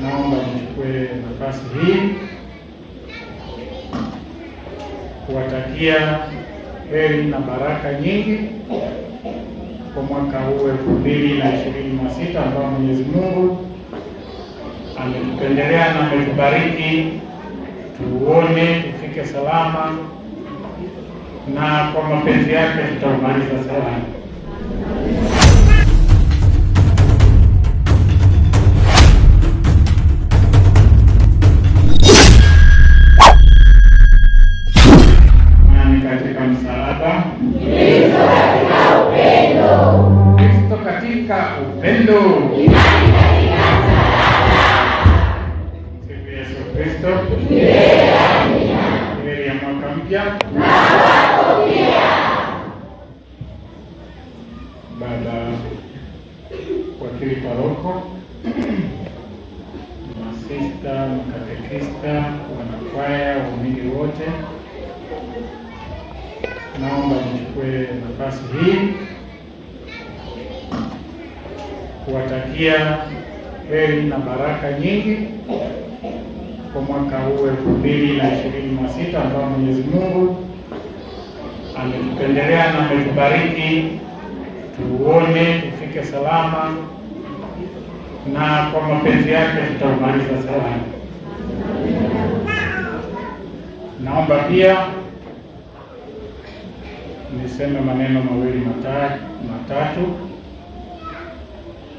naomba nichukue nafasi hii kuwatakia heri na baraka nyingi kwa mwaka huu elfu mbili na ishirini na sita ambao Mwenyezi Mungu ametupendelea na ametubariki tuone tufike salama na kwa mapenzi yake tutaumaliza salama. msalaba, Kristo katika upendo, Kristo katika upendo, imani katika msalaba. Yesu Kristo heri ya mwaka mpya na wako pia. Baba wakili paroko masista mkatekista wanakwaya waumini wote naomba nichukue nafasi hii kuwatakia heri na baraka nyingi kwa mwaka huu elfu mbili na ishirini na sita ambao Mwenyezi Mungu ametupendelea na ametubariki tuone tufike salama, na kwa mapenzi yake tutaumaliza salama. Naomba pia niseme maneno mawili matatu, matatu.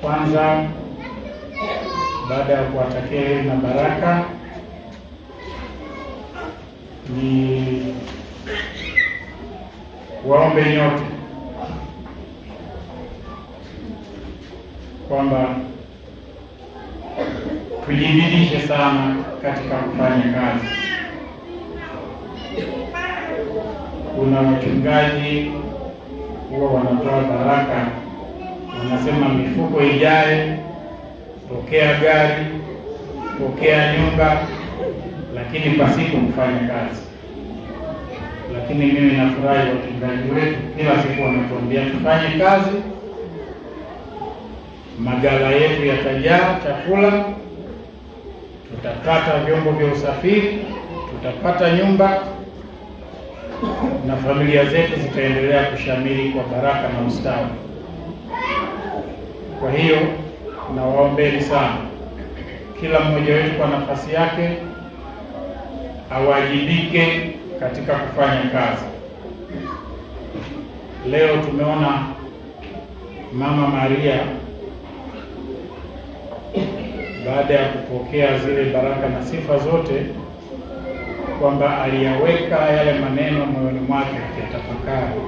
Kwanza, baada ya kuwatakia heri na baraka, ni waombe nyote kwamba tujibidishe sana katika kufanya kazi kuna wachungaji huwa wanatoa baraka, wanasema mifuko ijae, pokea gari, pokea nyumba, lakini pasipo kufanya kazi. Lakini mimi nafurahi wachungaji wetu kila siku wanatuambia tufanye kazi, magala yetu yatajaa chakula, tutapata vyombo vya usafiri, tutapata nyumba na familia zetu zitaendelea kushamiri kwa baraka na ustawi. Kwa hiyo nawaombeni sana, kila mmoja wetu kwa nafasi yake awajibike katika kufanya kazi. Leo tumeona Mama Maria baada ya kupokea zile baraka na sifa zote kwamba aliyaweka yale maneno moyoni mwake akiyatafakari.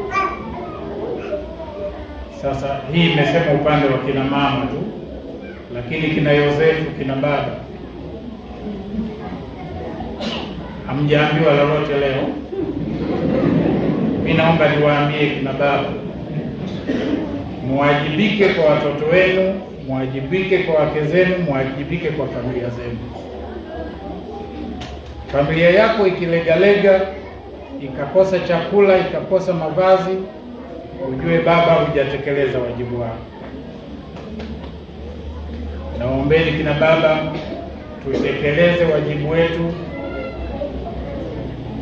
Sasa hii imesema upande wa kina mama tu, lakini kina Yosefu, kina baba, hamjaambiwa lolote leo. Mi naomba niwaambie kina baba, muwajibike kwa watoto wenu, muwajibike kwa wake zenu, muwajibike kwa familia zenu. Familia yako ikilegalega, ikakosa chakula, ikakosa mavazi, ujue baba, hujatekeleza wajibu wako. Naombeni kina baba, tutekeleze wajibu wetu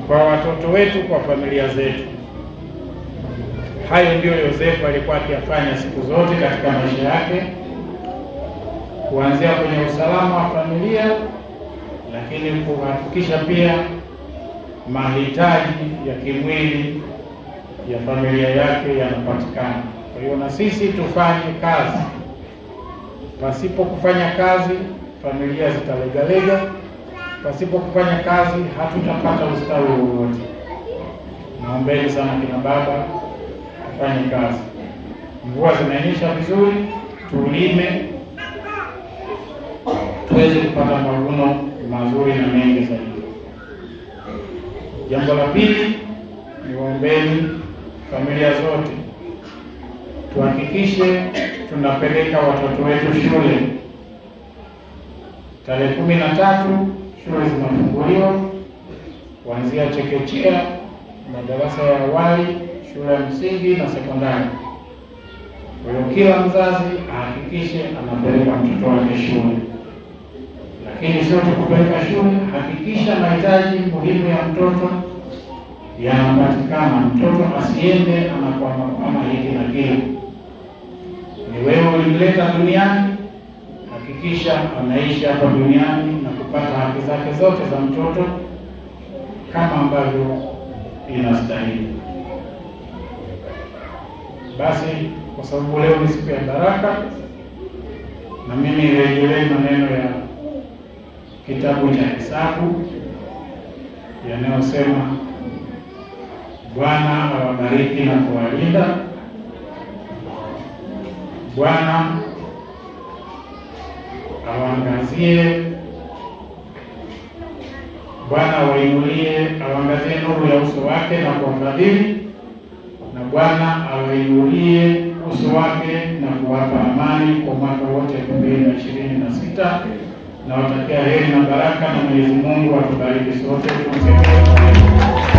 kwa watoto wetu, kwa familia zetu. Hayo ndiyo Yosefu alikuwa akiyafanya siku zote katika maisha yake, kuanzia kwenye usalama wa familia lakini kuhakikisha pia mahitaji ya kimwili ya familia yake yanapatikana. Kwa hiyo na sisi tufanye kazi, pasipo kufanya kazi familia zitalegalega, pasipo kufanya kazi hatutapata ustawi wowote. Naombeni sana kina baba, tufanye kazi. Mvua zinaonyesha vizuri, tulime tuweze kupata mavuno mazuri na mengi zaidi. Jambo la pili, ni waombeni familia zote tuhakikishe tunapeleka watoto wetu shule. Tarehe kumi na tatu shule zinafunguliwa kuanzia chekechea, madarasa ya awali, shule ya msingi na sekondari. Kwa hiyo kila mzazi ahakikishe anapeleka mtoto wake shule lakini sio tukupeleka shule. Hakikisha mahitaji muhimu ya mtoto yanapatikana. Mtoto asiende anakwamakwama hiki na kile. Ni wewe ulimleta duniani, hakikisha anaishi hapa duniani na kupata haki zake zote za mtoto kama ambavyo inastahili. Basi kwa sababu leo ni siku ya baraka, na mimi rejelee maneno ya kitabu cha Hesabu yanayosema Bwana awabariki na kuwalinda, Bwana awaangazie, Bwana awainulie, awaangazie nuru ya uso wake na kuwafadhili, na Bwana awainulie uso wake na kuwapa amani kwa mwaka wote elfu mbili na ishirini na sita. Nawatakia heri na baraka, na Mwenyezi Mungu atubariki sote.